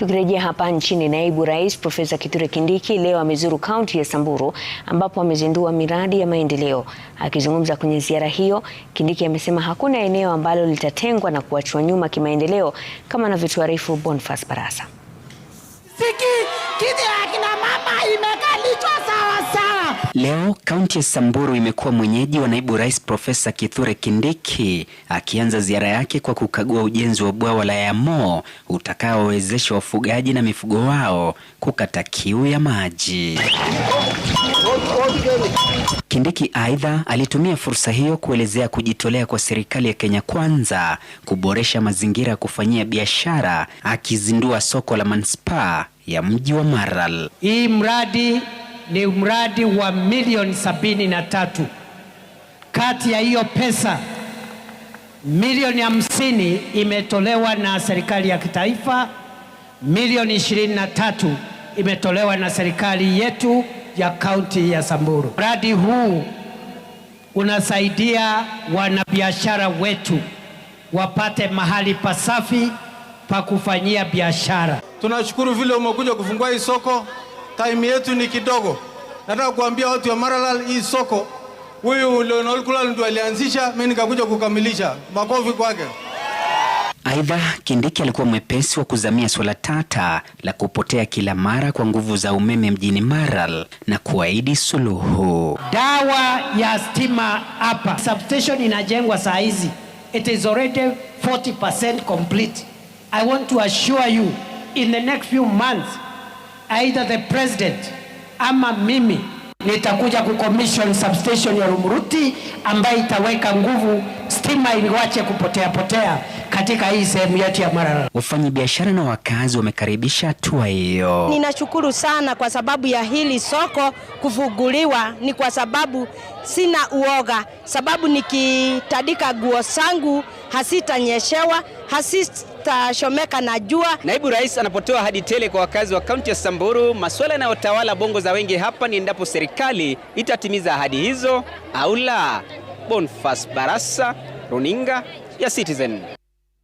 Tukirejea hapa nchini, naibu rais Profesa Kithure Kindiki leo amezuru kaunti ya Samburu ambapo amezindua miradi ya maendeleo. Akizungumza kwenye ziara hiyo, Kindiki amesema hakuna eneo ambalo litatengwa na kuachwa nyuma kimaendeleo, kama anavyotuarifu Bonfas Barasa. Leo kaunti ya Samburu imekuwa mwenyeji wa naibu rais Profesa Kithure Kindiki akianza ziara yake kwa kukagua ujenzi wa bwawa la yamo utakaowezesha wafugaji na mifugo wao kukata kiu ya maji. Kindiki aidha alitumia fursa hiyo kuelezea kujitolea kwa serikali ya Kenya Kwanza kuboresha mazingira ya kufanyia biashara akizindua soko la manispaa ya mji wa Maral. Hii mradi ni mradi wa milioni sabini na tatu. Kati ya hiyo pesa milioni hamsini imetolewa na serikali ya kitaifa, milioni ishirini na tatu imetolewa na serikali yetu ya kaunti ya Samburu. Mradi huu unasaidia wanabiashara wetu wapate mahali pasafi pa kufanyia biashara. Tunashukuru vile umekuja kufungua hii soko time yetu ni kidogo. Nataka kuambia watu wa Maralal, hii soko huyu Leonel Kulal ndio alianzisha, mimi nikakuja kukamilisha. Makofi kwake. Aidha, Kindiki alikuwa mwepesi wa kuzamia swala tata la kupotea kila mara kwa nguvu za umeme mjini Maral na kuahidi suluhu. Dawa ya stima hapa substation inajengwa saa hizi, it is already 40% complete. I want to assure you in the next few months either the president ama mimi nitakuja kucommission substation ya Rumuruti ambayo itaweka nguvu stima ili wache kupotea potea katika hii sehemu yetu ya Marara. Wafanyabiashara na wakazi wamekaribisha hatua hiyo. Ninashukuru sana kwa sababu ya hili soko kufuguliwa ni kwa sababu sina uoga, sababu nikitandika nguo zangu hasitanyeshewa, hasit Dr. na jua Naibu Rais anapotoa ahadi tele kwa wakazi wa kaunti ya Samburu, masuala yanayotawala bongo za wengi hapa ni endapo serikali itatimiza ahadi hizo au la. Bonfas Barasa, Runinga ya Citizen.